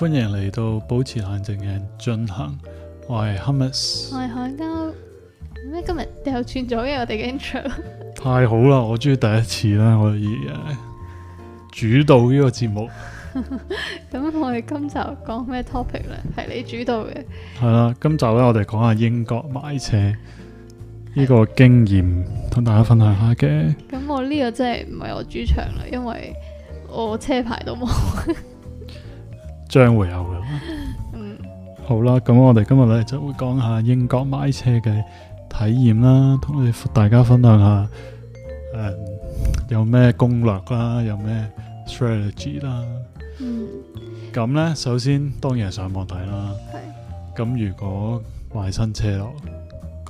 歡迎嚟到保持冷靜嘅進行，我係 Hermes，um、我係海交。咩今日掉轉咗嘅我哋嘅 intro？太好啦，我中意第一次啦，可以、呃、主導呢個節目。咁、 嗯嗯、我哋今集講咩 topic 咧？係你主導嘅。係啦、啊，今集咧我哋講下英國買車呢個經驗，同大家分享下嘅。咁我呢個真係唔係我主場啦，因為我車牌都冇。將會有嘅，嗯、好啦，咁我哋今日咧就會講下英國買車嘅體驗啦，同你大家分享下，誒、呃，有咩攻略啦，有咩 strategy 啦，咁咧、嗯，首先當然係上網睇啦，咁的如果買新車咯。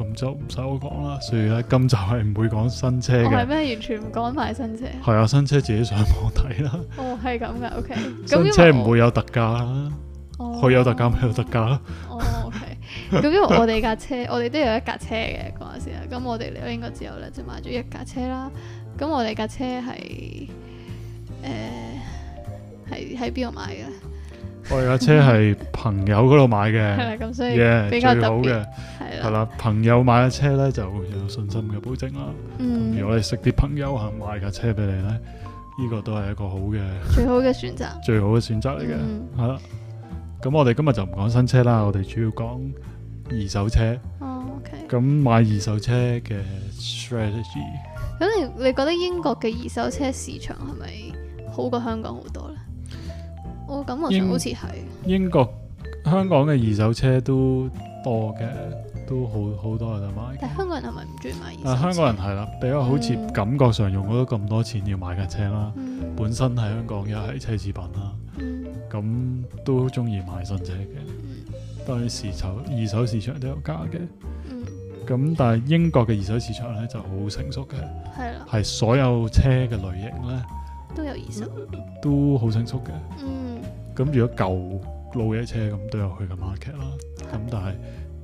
咁就唔使我講啦，所以咧今集係唔會講新車嘅。唔係咩，完全唔講買新車。係啊，新車自己上網睇啦。 哦，係咁噶，O K。Okay、新車唔會有特價啦。佢、哦、有特價咪、哦、有特價咯。哦，咁因為我哋架車，我哋都有一架車嘅。講下先咁我哋嚟到英國之後咧就買咗一架車啦。咁我哋架車係誒係喺邊度買嘅？我架車係朋友嗰度買嘅，係啦， 咁所以比較 yeah，好嘅，係啦。的的 朋友買架車咧就有信心嘅保證啦。嗯、如果你識啲朋友行買架車俾你咧，呢、呢個都係一個好嘅最好嘅選擇，最好嘅選擇嚟嘅。係啦、嗯，咁我哋今日就唔講新車啦，我哋主要講二手車。哦，OK。咁買二手車嘅 strategy，咁你你覺得英國嘅二手車市場係咪好過香港好多？我、哦、感覺上好似係英、英國香港嘅二手車都多嘅，都好好多人買。但香港人係咪唔中意買二手車？但香港人係啦，比較好似感覺上用咗咁多錢要買架車啦，嗯、本身喺香港又係奢侈品啦，咁、嗯、都中意買新車嘅。嗯、當然市籌二手市場都有㗎嘅，咁、嗯、但係英國嘅二手市場咧就好成熟嘅，係啦、嗯，係所有車嘅類型咧都有二手，嗯、都好成熟嘅，嗯。咁如果舊嘅老嘅車咁都有佢嘅 market 啦，咁是的 但係誒、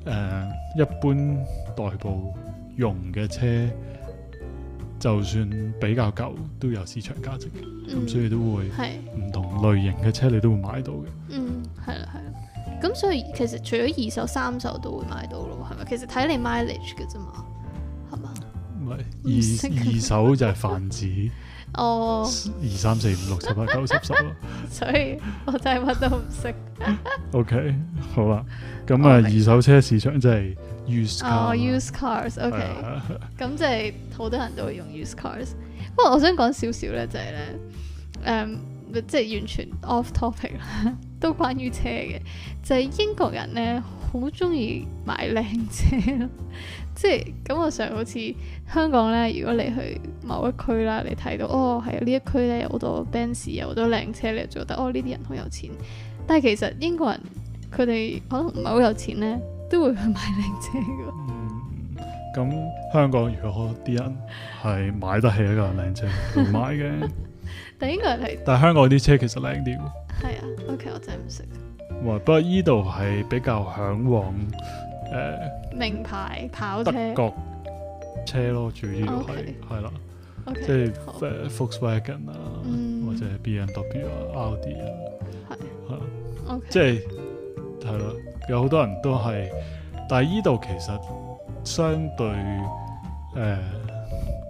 呃、一般代步用嘅車，就算比較舊都有市場價值嘅，咁、嗯、所以都會唔是的 同類型嘅車你都會買到嘅。嗯，係啦係啦，咁所以其實除咗二手、三手都會買到咯，係咪？其實睇你 mileage 嘅啫嘛，係嘛？唔係二懂二手就係泛指。 哦，二三四五六七八九十十啦， 所以我真係乜都唔識。 OK，好啦，咁、嗯、啊，二手車市場真係 use cars，use、oh, cars，OK，咁即係、uh, 好多人都會用 use cars。 不過我想講少少咧，就係咧，誒，即係完全 off topic，都關於車嘅，就係、是、英國人咧。好中意買靚車咯，即係咁我想好似香港咧，如果你去某一區啦，你睇到哦，係呢一區咧有好多 Benz 有好多靚車，你就覺得哦，呢啲人好有錢。但係其實英國人佢哋可能唔係好有錢咧，都會去買靚車㗎。嗯，咁香港如果啲人係買得起一個靚車，唔 買嘅。 但英國人係。但係香港啲車其實靚啲。係啊，OK，我真係唔識。不過依度係比較向往誒、呃、名牌跑車德國車咯，主要係係啦，即係誒 Volkswagen 啊，Okay. 或者 BMW 啊、mm. Audi 啊，係即係係咯。有好多人都係，但係依度其實相對誒、呃、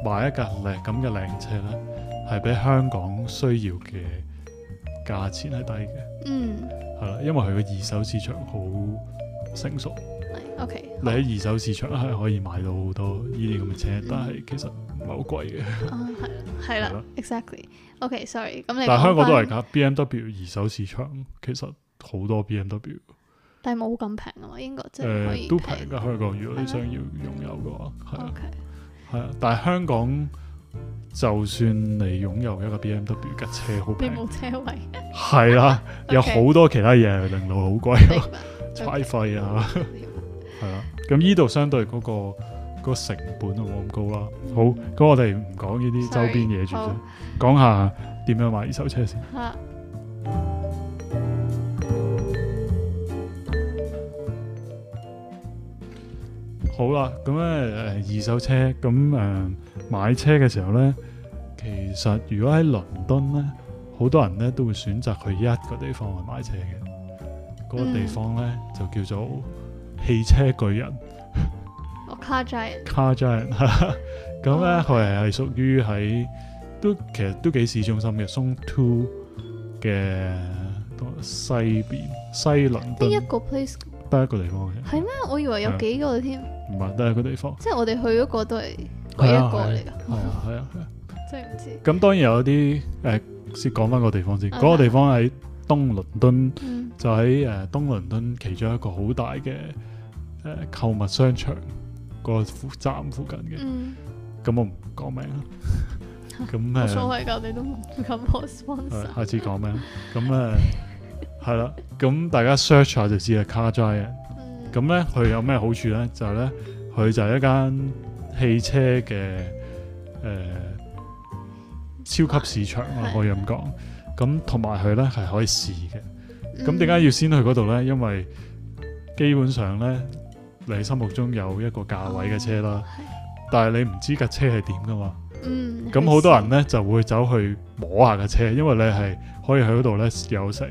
買一架靚咁嘅靚車咧，係比香港需要嘅價錢係低嘅，嗯。Mm. 係啦，因為佢個二手市場好成熟，喺二手市場係可以買到好多呢啲咁嘅車，mm hmm. 但係其實唔係好貴嘅，uh。係係啦，exactly。OK，sorry Okay。咁你但係香港都係㗎 BMW 二手市場，其實好多 BMW，但係冇咁平啊嘛，英國即係都平嘅香港。如果你想要擁有嘅話，係啊，係、okay. 啊，但係香港。就算你擁有一個 BMW 嘅車很，好平。你冇車位。係啦的， Okay. 有好多其他嘢係令到好貴咯，差 Okay. 費啊，係啦 Okay. 咁呢度相對嗰、嗰個嗰個成本就冇咁高啦、啊。嗯、好，咁我哋唔講呢啲周邊嘢住先，講好下點樣買二手車先。啊。好啦，咁咧誒二手車，咁誒、嗯、買車嘅時候咧，其實如果喺倫敦咧，好多人咧都會選擇去一個地方去買車嘅，嗰、那個地方咧、嗯、就叫做汽車巨人。我 Cargiant。Cargiant。咁咧佢係屬於喺都其實都幾市中心嘅，Zone Two 嘅西邊西倫敦。一個 place。得一個地方嘅。係咩？我以為有幾個添。唔係，得一個地方。即係我哋去嗰個都係唯一一個嚟㗎。係啊，係啊，係啊，即係唔知。咁當然有啲誒，先講返個地方先。嗰個地方喺東倫敦，就喺誒東倫敦其中一個好大嘅誒購物商場個站附近嘅。咁我唔講名啦。咁啊。我所謂嘅你都唔咁好 sponsor。開始講名。咁啊。係啦，咁大家 search 下就知係 Car Giant。咁咧的，佢有咩好處咧？就咧、是，佢就係一間汽車嘅誒、呃、超級市場啊。的可以咁講。咁同埋佢咧係可以試嘅。咁點解要先去嗰度咧？因為基本上咧，你心目中有一個價位嘅車啦，嗯、但係你唔知架車係點噶嘛。咁好、嗯、多人咧的就會走去摸下架車，因為你係可以喺嗰度咧有成，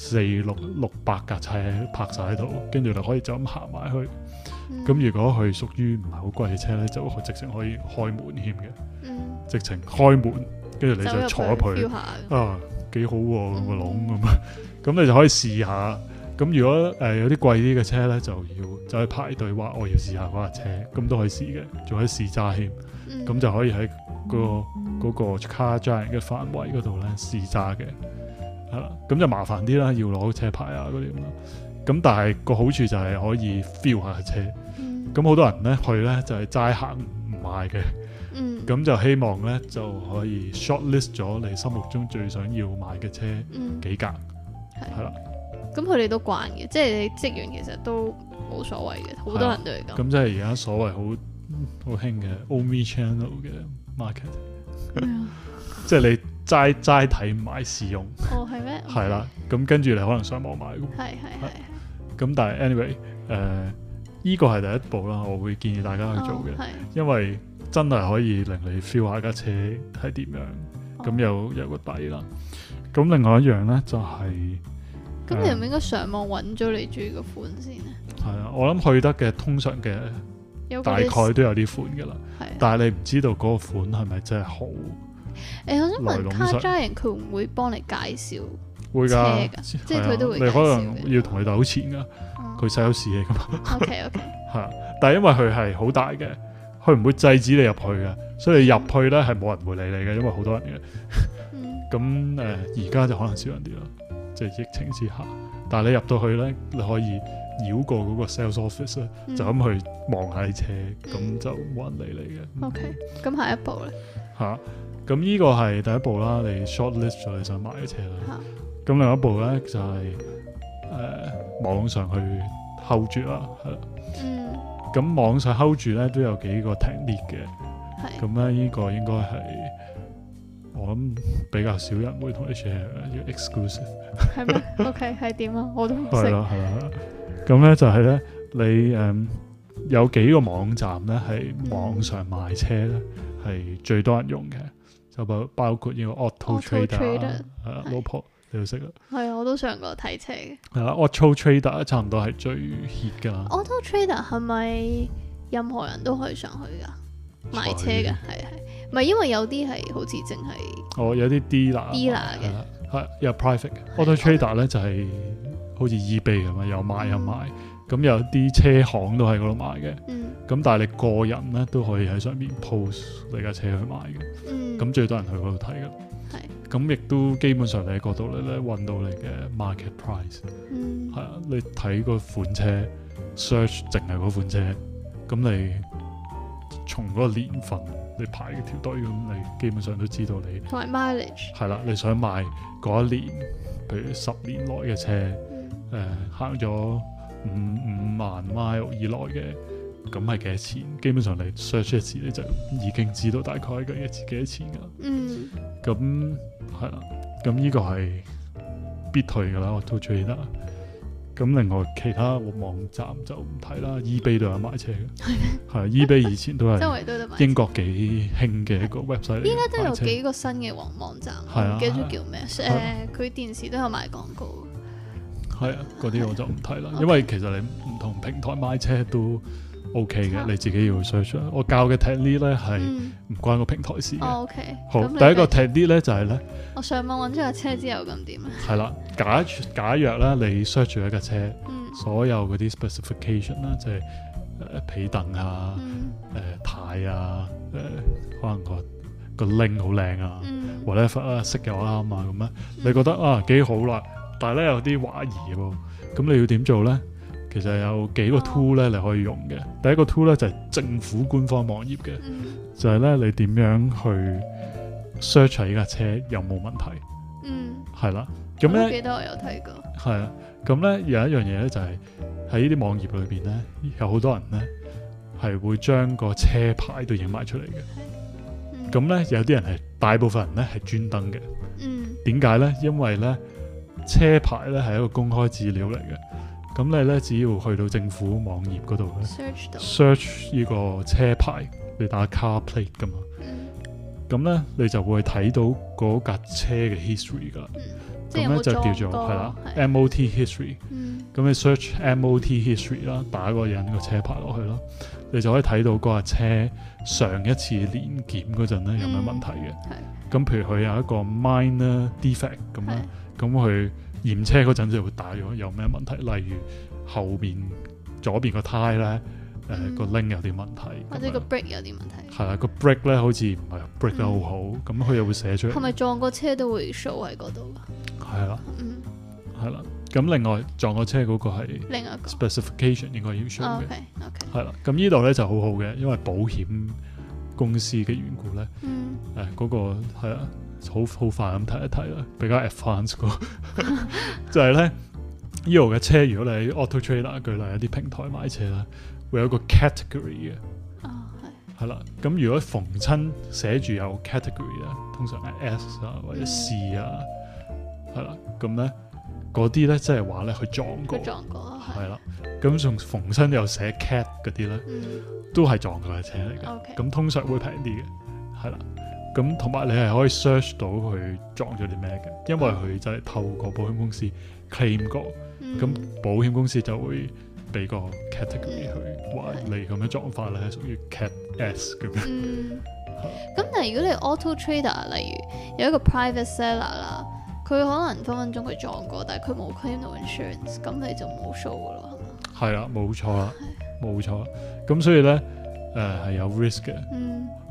四六六百架車泊晒喺度，跟住就可以就咁行埋去。咁、嗯、如果佢屬於唔係好貴嘅車咧，就直情可以開門掀嘅，嗯、直情開門，跟住你就坐佢，走啊，幾好喎個籠咁啊！咁、嗯、你就可以試下。咁如果誒、呃、有啲貴啲嘅車咧，就要就去排隊。話我要試下嗰架車，咁都可以試嘅，仲可以試揸掀。咁、嗯、就可以喺、那個嗰、嗯、個 Car Giant 嘅範圍嗰度咧試揸嘅。係啦，咁就麻煩啲啦，要攞車牌啊嗰啲咁。咁但係個好處就係可以 feel 下車。咁好、嗯、多人咧去咧就係齋客唔買嘅。咁、嗯、就希望咧就可以 shortlist 咗你心目中最想要買嘅車、嗯、幾格係啦。咁佢哋都慣嘅，即係你職員其實都冇所謂嘅，好的多人都嚟講。咁即係而家所謂好好興嘅 omni channel 嘅 market，即係你齋齋睇唔買試用。哦 係啦，咁跟住你可能上網買，咁是、啊、但係 anyway，誒、呃，依個係第一步啦，我會建議大家去做嘅，哦、因為真係可以令你 feel 下架車係點樣，咁、哦、有有個底啦。咁另外一樣咧就係、是，咁你唔應該上網揾咗你中意嘅款先啊？係啊，我諗去得嘅通常嘅大概都有啲款噶啦，但係你唔知道嗰款係咪真係好？誒的、欸，我想問 Carjy 人佢會唔會幫你介紹？會噶，即係佢都會，你可能要同佢鬥錢噶，佢使有事嘢噶嘛。O K O K，係，但係因為佢係好大嘅，佢唔會制止你入去嘅，所以你入去咧係冇人會理你嘅，因為好多人嘅。咁誒，而家就可能少人啲咯，即係疫情之下。但係你入到去咧，你可以繞過嗰個 sales office 咧，就咁去望下你車，咁就冇人理你嘅。O K，咁下一步咧？吓，咁呢個係第一步啦，你 shortlist 咗你想買嘅車啦。咁另外一部咧就係誒網上去 hold 住啦，係啦。咁網上 hold 住咧都有幾個技巧嘅。係。咁咧呢個應該係我諗比較少人會同你 share 係一個 exclusive。係咩？OK 係點啊？我都唔識。係啦係啦。咁咧就係咧，你誒有幾個網站咧係網上賣車咧係最多人用嘅，就包包括呢個 Auto Trader 啊，老婆。你要識啦，係啊，我都上過睇車嘅。係啦、uh,，auto trader 差唔多係最 hit 噶。auto trader 係咪任何人都可以上去噶才買車嘅？係係，唔係因為有啲係好似淨係哦，有啲 dealer、dealer 嘅係有 private。嘅。auto trader 咧就係好似 eBay 咁啊，有賣有買，咁、嗯、有啲車行都喺嗰度賣嘅。嗯，咁但係你個人咧都可以喺上面 post 你架車去賣嘅。嗯，咁最多人去嗰度睇噶。咁亦都基本上你喺嗰度咧咧揾到你嘅 market price，係啊、嗯，你睇個款車 search，淨係嗰款車咁，你從嗰個年份你排條隊咁，你基本上都知道你同埋 mileage 係啦。你想買嗰一年，譬如十年內嘅車，誒行咗五五萬 mile 以內嘅。咁係幾多錢？基本上你 search 一次你就已經知道大概佢一次幾多錢噶。嗯。咁係啦，咁呢個係必退噶啦，我都最記得。咁另外其他網站就唔睇啦，eBay 都有買車嘅。係咩？eBay 以前都係。周圍都有買。英國幾興嘅一個 website 嚟。依家都有幾個新嘅網網站，唔記得咗叫咩？誒，佢電視都有賣廣告。係啊，嗰啲我就唔睇啦，因為其實你唔同平台買車都。O K 嘅，okay 啊、你自己要 search。我教嘅 tips 呢咧係唔關個平台事 O K。嗯哦、okay, 好，第一個 tip 呢咧就係、是、咧，我上網揾咗架車之後咁點啊？係啦，假假若咧你 search 咗一架車，嗯、所有嗰啲 specification 啦，即係誒皮凳啊、誒軚、嗯呃、啊、誒、呃、可能、嗰個、嗰個 link 好靚啊，或者啊色又啱啊咁啊，你覺得、嗯、啊幾好啦，但係咧有啲懷疑喎、啊，咁你要點做咧？其實有幾個 tool 咧你可以用嘅，第一個 tool 咧就係政府官方網頁嘅，就係咧你點樣去 search 下呢架車有冇問題？嗯，係啦。咁咧記得我有睇過，係啊。咁咧有一樣嘢咧就係喺呢啲網頁裏邊咧，有好多人咧係會將個車牌都影埋出嚟嘅。咁咧、嗯、有啲人係，大部分人咧係專登嘅。嗯，點解咧？因為咧車牌咧係一個公開資料嚟嘅。咁你咧只要去到政府網頁嗰度咧，search 呢個車牌，你打 car plate 噶嘛，咁咧、嗯、你就會睇到嗰架車嘅 history 噶，咁咧、嗯、就叫做係啦、嗯、嗎，MOT history，咁、嗯、你 search MOT history 啦，打個人個車牌落去囉。你就可以睇到嗰架車上一次年檢嗰陣咧有咩問題嘅，咁、嗯、譬如佢有一個 minor defect 咁樣的，咁佢驗車嗰陣就會打咗有咩問題，例如後邊左邊個胎咧，誒個 link 有啲問題，或者個 brake 有啲問題，係啦個、啊、brake 咧好似唔係 break 得好好，咁佢、嗯、又會寫出嚟，係咪撞個車都會 show 喺嗰度？係啦的，嗯，係啦。咁另外撞咗車嗰個係另一個 specification 應該要 show 嘅，係、oh, 啦、okay, okay。咁呢度咧就好好嘅，因為保險公司嘅緣故咧，誒嗰、mm. 呃那個係啊，好好快咁睇一睇啦，比較 advanced 嘅、那個， 就係咧呢度嘅 車，如果你喺 auto trader，舉例有啲平台買車啦，會有一個 category 嘅，係啦、oh, okay.。咁如果逢親寫住有 category 咧，通常係 S 啊或者 C 啊，係啦、mm.，咁咧。嗰啲咧即係話咧，佢撞過，佢撞過，係啦。咁仲逢身有寫 cat 嗰啲咧，都係撞過車嚟噶。咁通常會平啲嘅，係啦。咁同埋你係可以 search 到佢撞咗啲咩嘅，因為佢就係透過保險公司 claim 過，咁保險公司就會俾個 category 去話你咁樣撞法咧係屬於 cat S 咁樣。咁但係如果你 auto trader，例如有一個 private seller 啦。佢可能分分鐘佢撞過，但係佢冇 claim 到、no、insurance，咁你就冇數噶咯，係咪？係啦，冇錯啦，冇錯。咁的所以咧，誒、呃、係有 risk 嘅。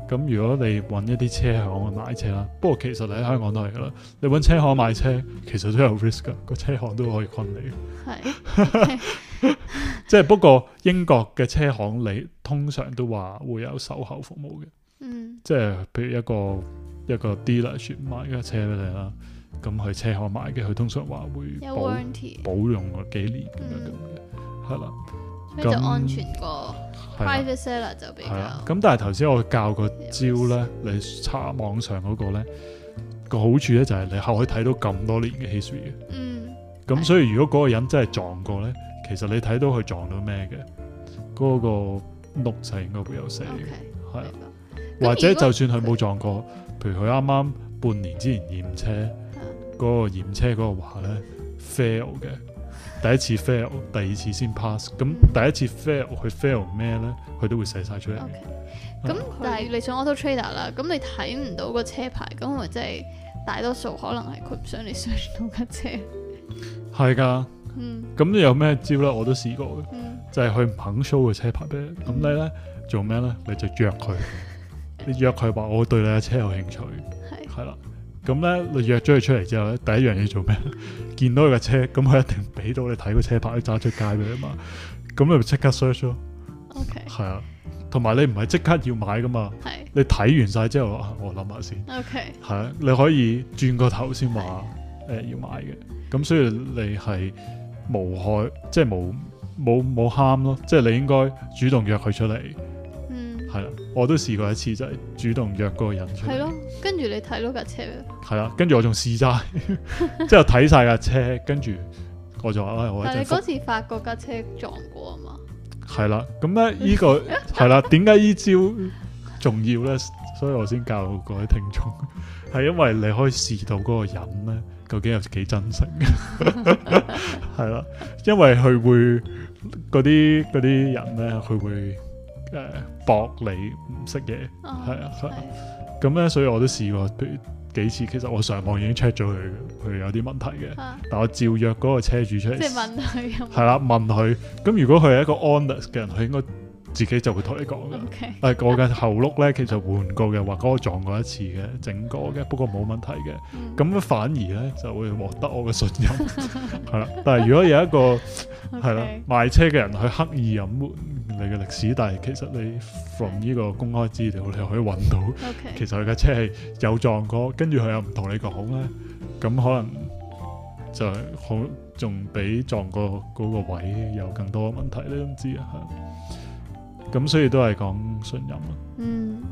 咁、嗯、如果你揾一啲車行去買車啦，不過其實你喺香港都係噶啦，你揾車行買車其實都有 risk 噶，個車行都可以困你。係，即係不過英國嘅車行，你通常都話會有售後服務嘅。嗯。即係譬如一個一個 dealer 嚟選買架車俾你啦。咁去車行買嘅，佢通常話會保，有 warranty 保用個幾年咁樣嘅，係啦，咁就安全過。Private seller 就比較，咁但係頭先我教個招咧，你查網上嗰個咧，個好處咧就係你後可以睇到咁多年嘅 history 嘅，嗯，咁所以如果嗰個人真係撞過咧，其實你睇到佢撞到咩嘅，嗰個碌就應該會有寫，係，或者就算佢冇撞過，譬如佢啱啱半年之前驗車。嗰個驗車嗰個話咧 fail 嘅，第一次 fail，第二次先 pass。咁第一次 fail，佢 fail 咩、嗯、咧？佢都會寫晒出嚟。咁但係你想 auto trader 啦，咁你睇唔到個車牌，咁咪即係大多數可能係佢唔想你上到架車。係噶的，咁、嗯、你有咩招咧？我都試過嘅，嗯、就係佢唔肯 show 個車牌俾你。咁你咧做咩咧？你就約佢， 你約佢話我對你架車有興趣，係啦的。係。咁咧，你約咗佢出嚟之後咧，第一樣嘢做咩？見到佢個車，咁佢一定俾到你睇個車牌，揸出街俾佢嘛。咁 你即刻 search 咯。O K。係啊，同埋你唔係即刻要買噶嘛。係是。你睇完晒之後，啊、我諗下先。O K。係啊，你可以轉個頭先話是、呃、要買嘅。咁所以你係無害，即、就、係、是、無冇冇喊咯。即、就、係、是、你應該主動約佢出嚟。係啦，我都試過一次，就係、是、主動約嗰個人出。係咯，跟住你睇到架車。係啦，跟住我仲試齋，之後睇晒架車，跟住、哎、過咗。但係你次發覺架車撞過啊嘛？係啦，咁咧呢個係啦，點解呢招重要咧？所以我先教各位聽眾，係因為你可以試到嗰個人咧，究竟有幾真誠。係 啦，因為佢會嗰啲嗰啲人咧，佢會。那些那些人誒、博、呃、你唔識嘢，係啊，咁咧、啊啊，所以我都試過，幾次，其實我上網已經 check 咗佢，佢有啲問題嘅，啊、但我照約嗰個車主出嚟，即係問佢，係啦、啊，問佢，咁如果佢係一個 honest 嘅人，佢應該自己就會同你講嘅。但係 我嘅後碌咧，其實換過嘅，話嗰個撞過一次嘅，整過嘅，不過冇問題嘅。咁、嗯、反而咧就會獲得我嘅信任，係啦、 啊。但係如果有一個係啦賣車嘅人，佢刻意隱瞞。你嘅歷史，但係其實你 from 呢個公開資料，你可以揾到。Okay. 其實佢架車係有撞過，跟住佢又唔同你講咧，咁可能就係好，仲比撞過嗰個位有更多問題咧，都唔知啊吓。咁所以都係講信任咯。嗯。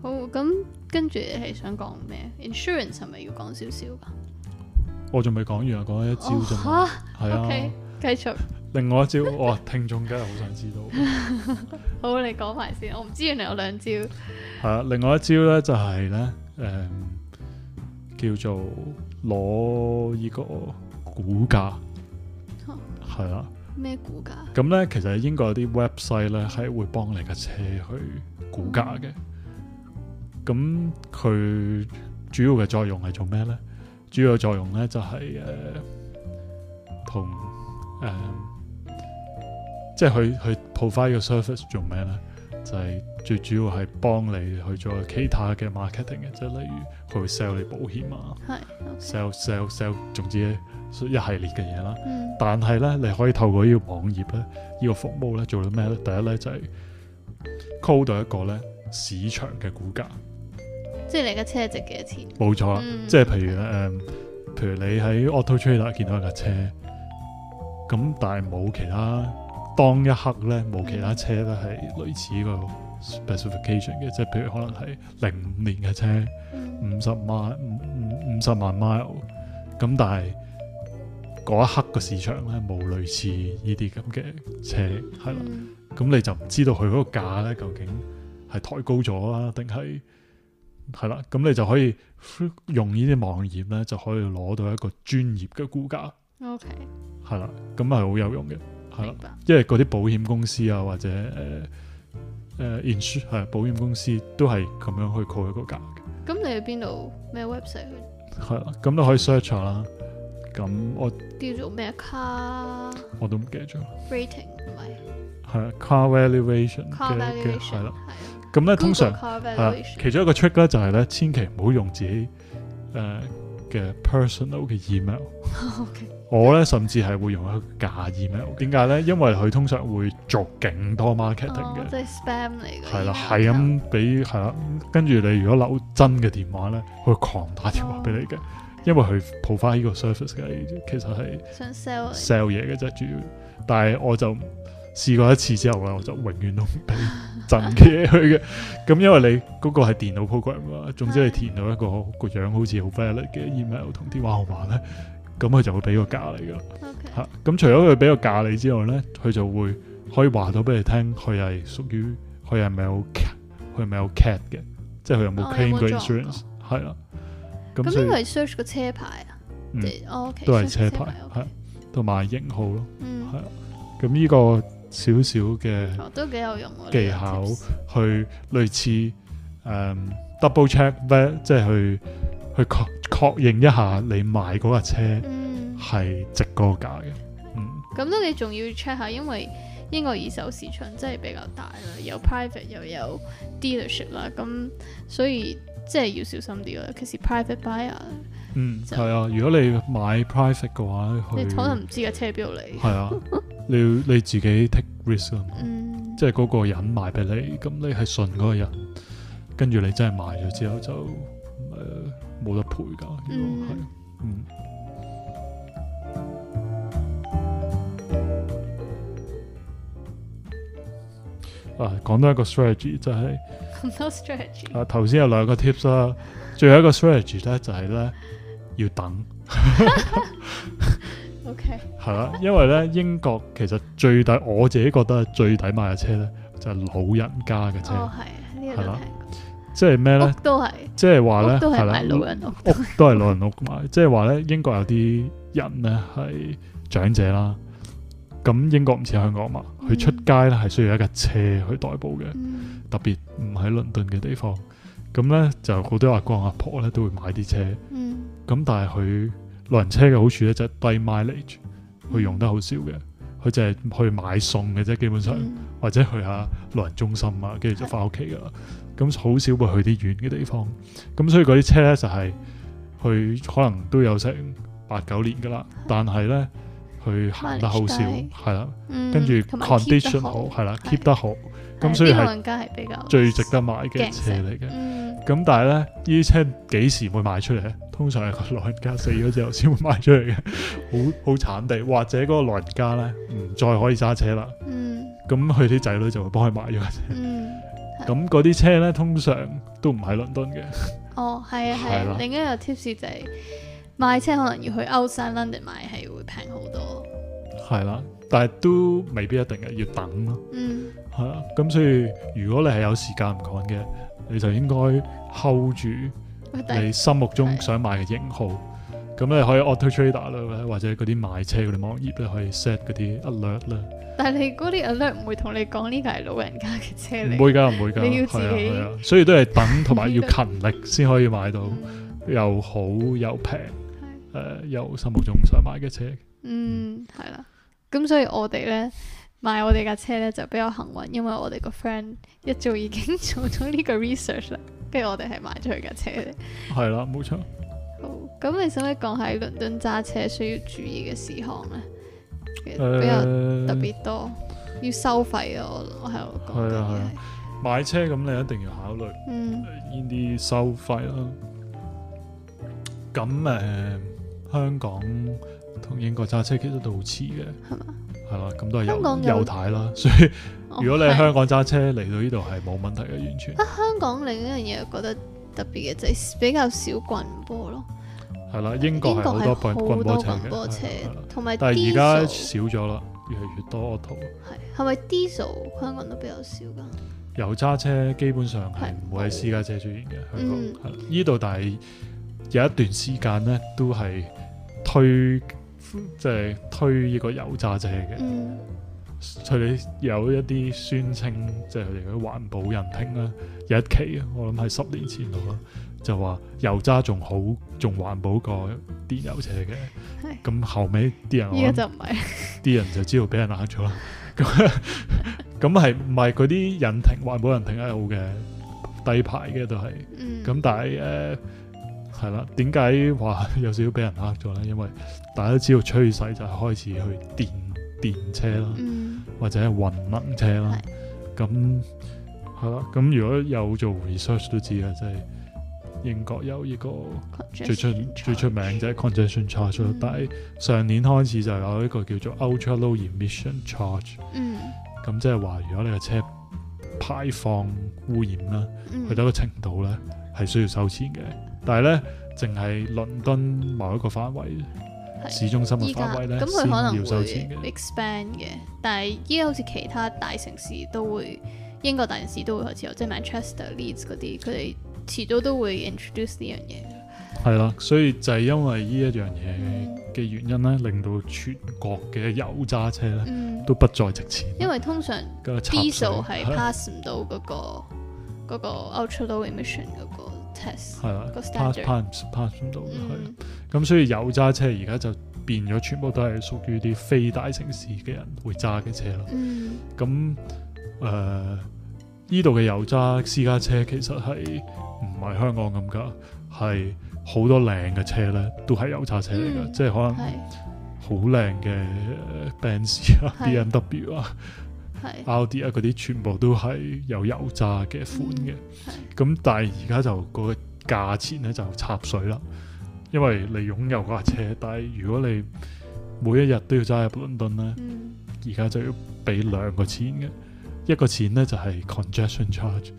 好，咁跟住係想講咩？Insurance 係咪要講少少噶？我仲未講完、哦、啊，講咗一招啫嘛，係啊，繼續。另外一招，哇、哦， 聽眾梗係好想知道。 好，你講埋先，我唔知原來有兩招。係啊，另外一招咧就係、是、咧，誒、嗯，叫做攞呢個估價，係、哦、啊。咩估價？咁咧，其實英國有啲 website 咧係會幫你架車去估價嘅。咁佢、嗯、主要嘅作用係做咩咧？主要嘅作用咧就係誒同誒，即係佢去，去 provide 個 service 做咩咧？就係、是、最主要係幫你去做其他嘅 marketing 嘅，即係例如佢會 sell 你保險啊，okay，sell sell sell，總之一系列嘅嘢啦。嗯、但係咧，你可以透過呢個網頁咧，呢、呢個服務咧，做到咩咧？第一咧就係、是、構到一個咧市場嘅估價。即係你架車值幾多錢？冇錯啦，嗯、即係譬如誒，嗯、譬如你喺 Auto Trader 見到一架車，咁但係冇其他，當一刻咧冇其他車咧係類似個 specification 嘅，即係、嗯、譬如可能係零五年嘅車，五十、嗯、萬五五十萬 mile，咁但係嗰一刻個市場咧冇類似呢啲咁嘅車，係啦，咁、嗯、你就唔知道佢嗰個價咧究竟係抬高咗啊，定係？係啦，咁你就可以用呢啲網頁咧，就可以攞到一個專業嘅估價。OK，係啦，咁係好有用嘅，係啦明白，因為嗰啲保險公司啊或者誒誒係保險公司都係咁樣去估一個價嘅。咁你去邊度咩 website 去？係啦，咁都可以 search 啦。咁我叫做咩 car 我都唔記得咗。Rating 咪係 car valuation，car valuation 係啦 car valuation。的咁咧通常、啊，其中一個 trick 咧就係、是、咧，千祈唔好用自己誒嘅、呃、personal 嘅 email。Okay. 我咧甚至係會用一個假 email。點解咧？因為佢通常會做勁多 marketing 嘅，即係 spam 嚟嘅。係啦的，係咁俾係啦，跟住、嗯、你如果留真嘅電話咧，佢狂打電話俾你嘅，oh. Okay. 因為佢抱翻呢個 service 嘅。其實係想 sell sell 嘢嘅啫，主要。但係我就。試過一次之後啦，我就永遠都唔俾震嘅佢嘅。咁 因為你嗰個係電腦 program 啊，總之你填到一個的個樣好似好 fine 嘅，email 同電話號碼咧，咁佢就會俾個價你嘅嚇。咁 Okay. 除咗佢俾個價你之外咧，佢就會可以話到俾你聽，佢係屬於佢係咪有佢係咪有 cat 嘅，即係佢有冇 claim 嘅 insurance 係啦。咁所以 search 個車牌啊，嗯，哦、okay, 都係車牌係同埋型號咯，嗯，係咁呢個，少少嘅技巧去類似誒、嗯哦嗯、都幾有用、double check 即係去去確確認一下你買嗰架車係值嗰個價嘅。嗯，咁都、嗯、你仲要 check 下，因為英國二手市場真係比較大啦，有 private 又有 dealership 啦，咁所以即係要小心啲啦。尤其是 private buyer，嗯，係啊就，嗯、如果你買 private 嘅話，你可能唔知架車邊度嚟。係啊。 你要你自己 take risk 啊、嗯，即係嗰個人賣俾你，咁你係信嗰個人，跟住你真係賣咗之後就誒冇、呃、得賠噶，係、嗯，嗯。啊，講多一個 strategy 就係，講多 strategy。啊，頭先有兩個 tips 啦，最後一個 strategy 咧就係、是、咧要等。 係啦，因為咧，英國其實最抵，我自己覺得最抵買嘅車咧，就係老人家嘅車，係啦，即係咩咧？都係即係話咧，係啦，老人屋都係老人屋買，即係話咧，英國有啲人咧係長者啦，咁英國唔似香港嘛，佢出街咧係需要一架車去代步嘅，特別唔喺倫敦嘅地方，咁咧就好多阿公阿婆咧都會買啲車，咁但係佢。老人車嘅好處咧就係低 mileage，佢用得好少嘅，佢就係去買餸嘅啫，基本上或者去下老人中心啊，跟住就翻屋企噶啦，咁好是的 少會去啲遠嘅地方，咁所以嗰啲車咧就係去可能都有成八九年噶啦，但係咧。佢行得好少，係啦，跟住 condition 好，係啦，keep 得好，咁所以係最值得買嘅車嚟嘅。咁但係咧，呢啲車幾時會賣出嚟咧？通常係個老人家死咗之後先會賣出嚟嘅，好好慘地。或者嗰個老人家咧唔再可以揸車啦，咁佢啲仔女就會幫佢買咗車。咁嗰啲車咧，通常都唔喺倫敦嘅。哦，係啊，係，另一個 tips 就係。買車可能要去 Outside London 買係會平好多，係啦，但係都未必一定嘅，要等咯。嗯，係啦、啊，咁所以如果你係有時間唔趕嘅，你就應該 hold 住你心目中想買嘅型號，咁你可以 auto trader 啦，或者嗰啲買車嗰啲網頁咧可以 set 嗰啲 alert 啦。但係你嗰啲 alert 唔會同你講呢個係老人家嘅車嚟，唔會噶，唔會噶，你要自己。啊啊、所以都係等同埋要勤力先可以買到，嗯，又好又平。誒、呃，有心目中唔想買嘅車的？嗯，係啦，咁所以我哋咧買我哋架車咧就比較幸運，因為我哋個 friend 一早已經做咗呢個 research 啦，跟住我哋係買咗佢架車咧。係啦，冇錯。好，咁你使唔使講喺倫敦揸車需要注意嘅事項咧？其實比較特別多，呃、要收費啊！我喺度講緊。係啊、係啊。買車咁你一定要考慮，呢啲收費啦。咁誒、嗯。香港同英國揸車其實都好似嘅，係嘛？係啦，咁都係右軚啦。所以如果你喺香港揸車嚟到呢度係冇問題嘅，完全。啊，香港另一樣嘢覺得特別嘅就係比較少棍波咯。係啦，英國係好多棍波棍波車嘅，同埋但係而家少咗啦，越嚟越多 auto 係咪 Diesel？香港都比較少㗎。油渣車基本上係唔會喺私家車出現嘅。香港係呢度，但係。有一段時間咧，都係推即係、就是、推呢個油渣車嘅，佢、嗯、有一啲宣稱，即係佢哋啲環保人聽啦。有一期我諗係十年前度啦，就話油渣仲好，仲環保過電油車嘅。咁是後尾啲人，而家就唔係，啲人就知道俾人呃咗啦。咁咁係唔係嗰啲引停環保人停係好嘅低排嘅都係。咁、嗯、但係誒。呃係啦，點解話有少少俾人呃咗咧？因為大家都知道趨勢就係開始去電電車啦，嗯、或者係混能車啦。咁係啦，咁如果有做 research 都知啊，即、就、係、是、英國有呢個最出 ition charge，最出名就係 congestion charge，、嗯、但係上年開始就有一個叫做 ultra low emission charge。嗯，咁即係話，如果你個車排放污染咧，去到一個程度咧，係需要收錢嘅。但係咧，淨係倫敦某一個範圍，的市中心嘅範圍咧，先要收錢嘅。Expand 嘅，但係依家好似其他大城市都會，英國大城市都會開始有，即係 Manchester Le、Leeds 啲，佢哋遲早都會 introduce 呢樣嘢。係啦，所以就係因為依一樣嘢嘅原因咧，嗯、令到全國嘅油渣車咧都不再值錢、嗯，因為通常啲數係 pass 唔到個個嗰個 Ultra Low Emission 個。的係啊，p a s Test, s pass pass 唔到去。咁所以油渣車而家就變咗，全部都係屬於啲非大城市嘅人會揸嘅車咯。咁誒、嗯，呢度嘅油渣私家車其實係唔係香港咁噶，係好多靚嘅車咧，都係油渣車嚟噶，即係、嗯、可能好靚嘅 Benz 啊是，BMW 啊。o u t 啊，嗰啲是全部都係有油炸嘅款嘅，咁、嗯、但係而家就、嗰個價錢咧就插水啦，因為你擁有架車，但係如果你每一日都要揸入倫敦咧，而家、嗯、就要俾兩個錢嘅，是一個錢咧就係、是、congestion charge，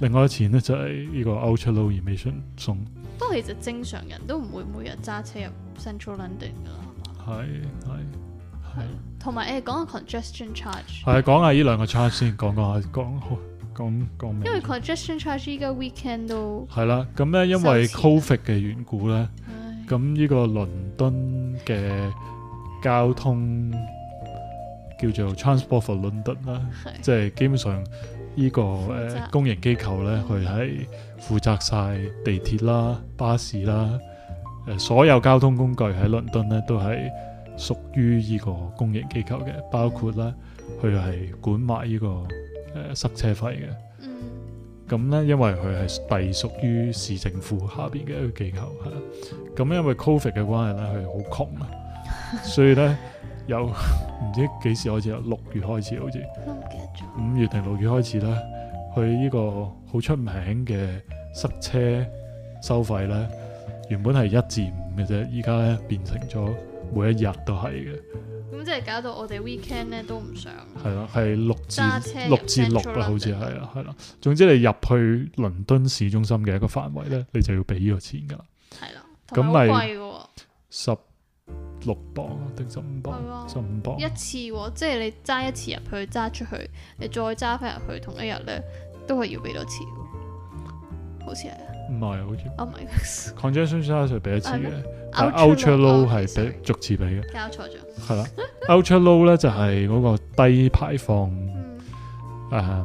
另外一個錢咧就係、是、呢個 Ultra Low Emission Zone。不過其實正常人都唔會每日揸車入 Central London 噶，係咪？係係。係，同埋誒講下 congestion charge。係講下呢兩個 charge 先， 講講下講好講講咩？因為 congestion charge 依家 weekend 都係啦，咁咧因為 Covid 嘅緣故咧，咁呢對個倫敦嘅交通叫做 Transport for l 敦 Transport for London 啦，即係對基本上呢個誒公營機構咧，佢係負責晒地鐵啦、巴士啦，誒對所有交通工具喺倫敦咧都係。屬於呢個公營機構嘅，包括咧佢係管埋呢個誒塞車費嘅。嗯。咁咧，因為佢係隸屬於市政府下邊嘅一個機構嚇。咁因為 Covid 嘅關係咧，佢好窮啊， 所以咧由唔知幾時開始，由六月開始好似，五月定六月開始咧，佢呢個好出名嘅塞車收費咧，原本係一至五嘅啫，依家咧變成咗，每一日都係嘅，咁即係搞到我哋 weekend 咧都唔上。係咯，係六至六至六啦，啊，好似係啊，係啦。總之你入去倫敦市中心嘅一個範圍咧，係啊，你就要俾呢個錢㗎啦。係啦，咁咪貴，十六磅定十五磅？十五磅？係啊，一次哦，即係你揸一次入去，揸出去，你再揸翻入去同一日咧，都係要俾多次嘅。好似係。唔係，好似。Oh my God！Congestion charge 就俾一次嘅，但係 Ultra Low 係俾逐次俾嘅。搞錯咗。係啦，Ultra Low 咧就係嗰個低排放誒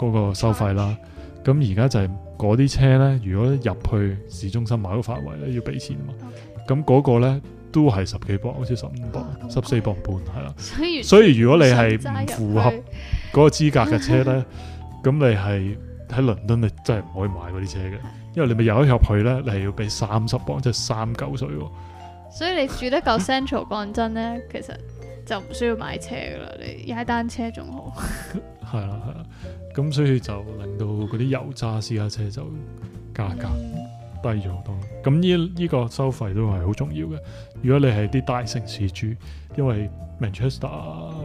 嗰個收費啦。咁而家就係嗰啲車咧，如果入去市中心某個範圍咧，要俾錢啊嘛。咁嗰個咧都係十幾磅，好似十五磅、十四磅半係啦。所以，所以如果你係唔符合嗰個資格嘅車咧，咁你係。喺倫敦你真係唔可以買嗰啲車嘅，因為你咪入一入去咧，你係要俾三十磅，即係三嚿水喎。所以你住得夠 Central，講真咧，其實就唔需要買車噶啦，你踩單車仲好。係啦，係啦，咁所以就令到嗰啲油渣私家車就價格低咗好多。咁呢呢個收費都係好重要嘅。如果你係啲大城市住，因為 Manchester。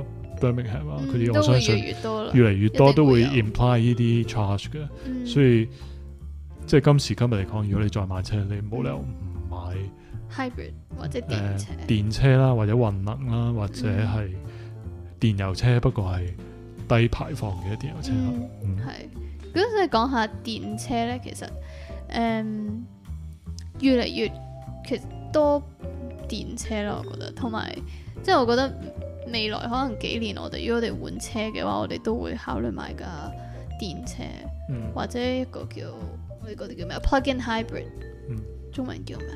生命係嘛，佢哋、嗯、我相信越，越多越嚟越多都會 imply 呢啲 charge 嘅，嗯、所以即係、就是、今時今日嚟講，如果你再買車，嗯、你冇理由唔買 hybrid 或者電車、呃、電車啦，或者混能啦，或者係電油車，嗯、不過係低排放嘅電油車咯。係咁、嗯，再講、嗯、下電車咧，其實誒、嗯，越嚟越其實多電車咯，我覺得，同埋即係我覺得。未來可能幾年，我哋如果我哋換車嘅話，我哋都會考慮買架電車，嗯、或者一個叫嗰啲叫咩 plug-in hybrid、嗯、中文叫咩？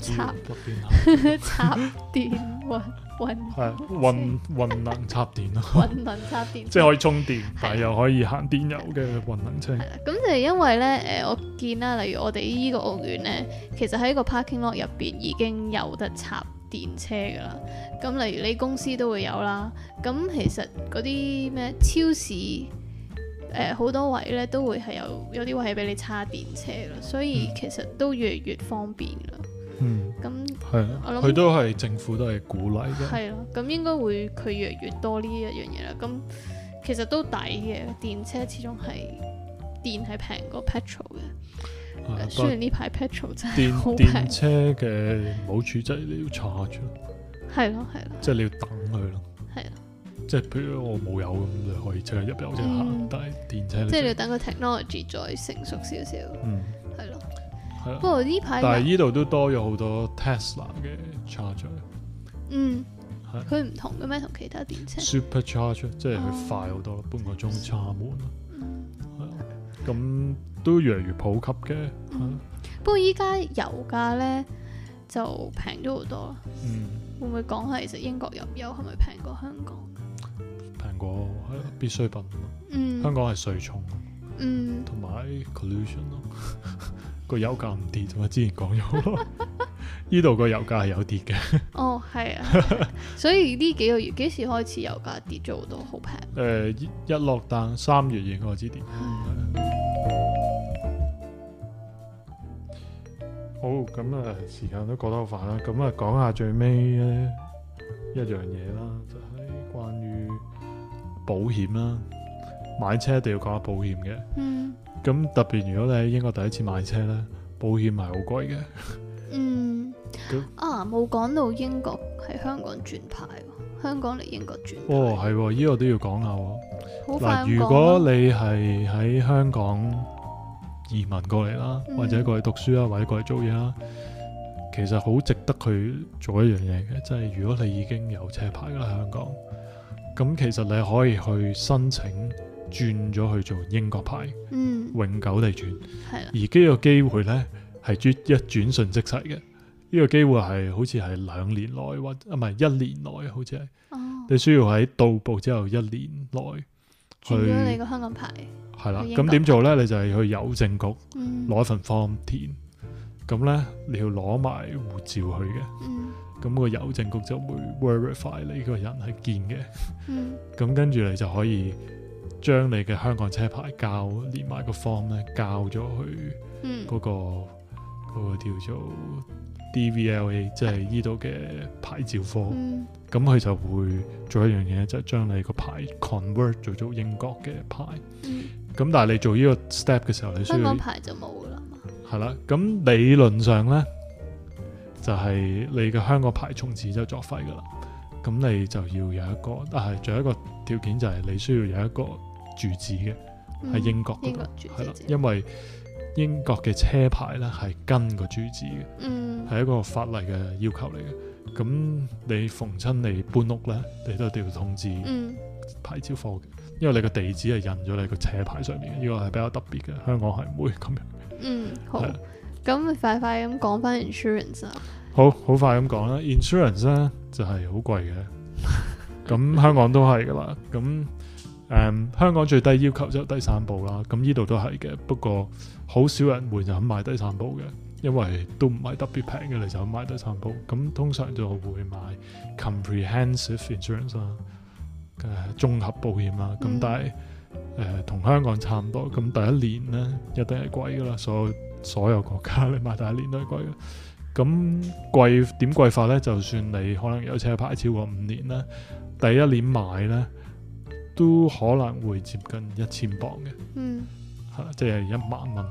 插電插電混混，係混混能插電咯，混能插電，插電 插電 即係可以充電，但又可以慳電油嘅混能車。咁就係、是、因為咧，誒，我見啦，例如我哋呢個奧運咧，其實喺個 parking lot 入邊已經有得插。電車噶啦，咁例如你公司、呃、都會有啦，咁其實嗰啲咩超市誒好多位咧都會係有有啲位係俾你叉電車咯，所以其實都越嚟越方便啦。嗯，咁係咯，佢的想都係政府都係鼓勵嘅。係咯，咁應該會佢越嚟越多呢一樣嘢啦。咁其實都抵嘅，電車始終係電係平過 petrol 嘅。雖然呢排 petrol 真係好平，但電車嘅唔好處，就係你要 charge，係咯，係咯，即係你要等佢咯，係啊，即係譬如我冇油咁你可以即係入油即係行，但係電車即係你要等個 technology 再成熟少少，嗯，係咯，係啊。不過呢排但係呢度都多咗好多 Tesla 嘅 charge，嗯，佢唔同嘅咩同其他電車 super charge，即係佢快好多，半個鐘 charge 滿咯，係啊，咁。都越嚟越普及嘅。不過依家油價咧就平咗好多啦。嗯。會唔會講下，其實英國入油係咪平過香港？平過，必需品。嗯。香港係稅重。嗯。同埋 collusion 咯，個油價唔跌，同埋之前講咗，呢度個油價係有跌嘅。哦，係啊。所以呢幾個月幾時開始油價跌咗好多，好平。誒，一落單三月應該知跌。好，咁啊，時間都過得好快啦。咁啊，講下最尾咧一樣嘢啦，就係、是、關於保險啦。買車一定要講下保險嘅。嗯。咁特別如果你喺英國第一次買車咧，保險係好貴嘅。嗯。 那啊，冇講到英國喺香港轉牌，香港嚟英國轉牌。哦，係、哦，依、這個都要講下喎。好快。如果你係喺香港。移民過嚟啦，或者過嚟讀書啦，或者過嚟做嘢啦，嗯、其實好值得去做一樣嘢嘅。即、就、係、是、如果你已經有車牌啦，香港咁，其實你可以去申請轉咗去做英國牌，嗯、永久地轉。的而呢個機會呢，係轉一轉瞬即逝嘅，呢、呢個機會係好似係兩年內或者唔係一年內，好似係。哦。你需要喺到步之後一年內。如果你個香港牌係啦，咁點的做咧？你就係去郵政局攞份 form 填，咁咧、嗯、你要攞埋護照去嘅。咁、嗯、個郵政局就會 verify 你個人係堅嘅。咁、嗯、 跟住你就可以將你嘅香港車牌交，連埋、個 form 咧交咗去嗰個嗰、嗰個叫做。DVLA 即係呢度嘅牌照科，咁佢、嗯、就會做一樣嘢，就將、是、你個牌 convert 做做英國嘅牌。咁、嗯、但係你做呢個 step 嘅時候，你需要香港牌就冇啦。係啦，咁理論上咧，就係、是、你嘅香港牌從此就作廢噶啦。咁你就要有一個，但係仲有一個條件就係你需要有一個住址嘅，喺、嗯、英國嗰度，係啦，因為。英國嘅車牌咧係跟個住址嘅，係、嗯、一個法例嘅要求嚟嘅。咁你逢親你搬屋咧，你都都要通知牌照科嘅，嗯、因為你個地址係印咗你個車牌上面呢、呢個係比較特別嘅，香港係唔會咁樣嘅。嗯，好。咁的快快咁講翻 insurance 啦。好好快咁講啦，insurance 咧就係、係、好貴嘅，咁 香港都係噶啦，咁。誒、um, 香港最低要求就第三保啦，咁呢度都係嘅，不過好少人會就肯買第三保嘅，因為都唔係特別平嘅你就肯買第三保，咁通常就會買 comprehensive insurance 啊，誒、綜合保險啊。咁但係誒同香港差唔多，咁第一年咧一定係貴㗎啦。所有所有國家你買第一年都係貴嘅。咁貴點貴法咧？就算你可能有車牌超過五年咧，第一年買咧。都可能會接近一千磅嘅，嗯，係即係一萬蚊，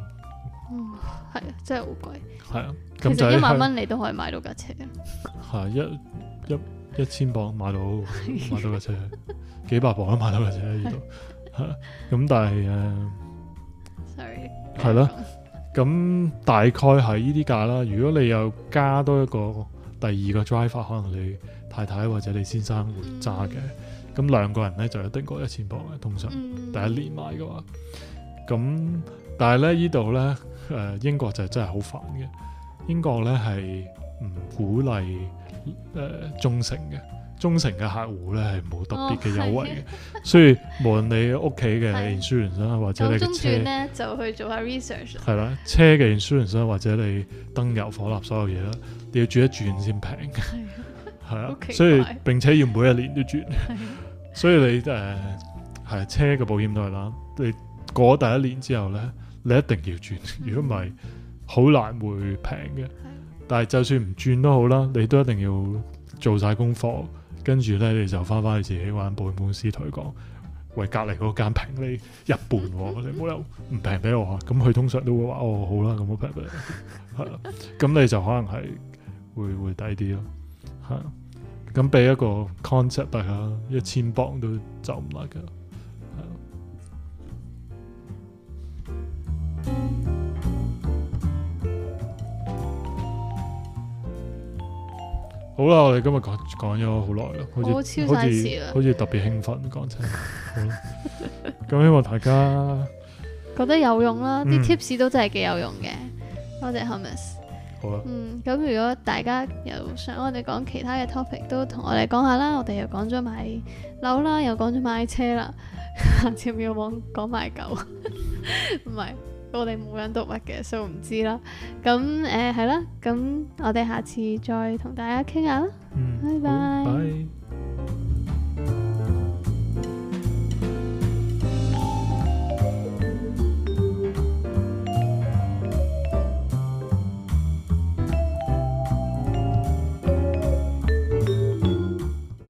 嗯，係啊，真係好貴，係啊，咁就一萬蚊你都可以買到架車，係一一一千磅買到買到架車，幾百磅都買到架車喺呢度，係咁但係誒，sorry，係咯，咁大概係呢啲價啦。如果你又加多一個第二個 driver，可能你太太或者你先生會揸嘅。咁兩個人咧就有的過一千磅嘅，通常第一年買嘅話，咁、嗯、但係咧呢度咧，英國就真係好煩嘅。英國咧係唔鼓勵、呃、忠誠嘅，忠誠嘅客戶咧係冇特別嘅優惠嘅。哦、所以 無論你屋企嘅 insurance 啦，或者你嘅車咧，就去做下 research。係啦，車嘅 insurance 或者你燈油火蠟所有嘢啦，你要轉一轉先平。係啊，所以並且要每一年都轉，所以你誒係車嘅保險都係啦。你過咗第一年之後咧，你一定要轉，如果唔係，好難會平嘅。但係就算唔轉都好啦，你都一定要做晒功課，跟住咧你就翻翻去自己揾保險公司同佢講，喂，隔籬嗰間平你一半，你冇得唔平俾我啊？咁佢通常都會話哦，好啦，咁我平俾你，係啦，咁你就可能係會會低啲咯，係。咁俾一個 concept，大家一千磅都走唔甩嘅。係好啦，我哋今日講講咗好耐啦，好似好似特別興奮講 真，咁希望大家覺得有用啦，啲 tips、嗯、都真係幾有用嘅。多謝，謝 Humus。啊、嗯，咁如果大家又想我哋講其他嘅 topic，都同我哋講下啦。我哋又講咗買樓啦，又講咗買車啦，下次唔要講講買狗，唔 係我哋冇養動物嘅，所以唔知啦。咁誒係啦，咁、呃、我哋下次再同大家傾下啦。拜拜、嗯。Bye bye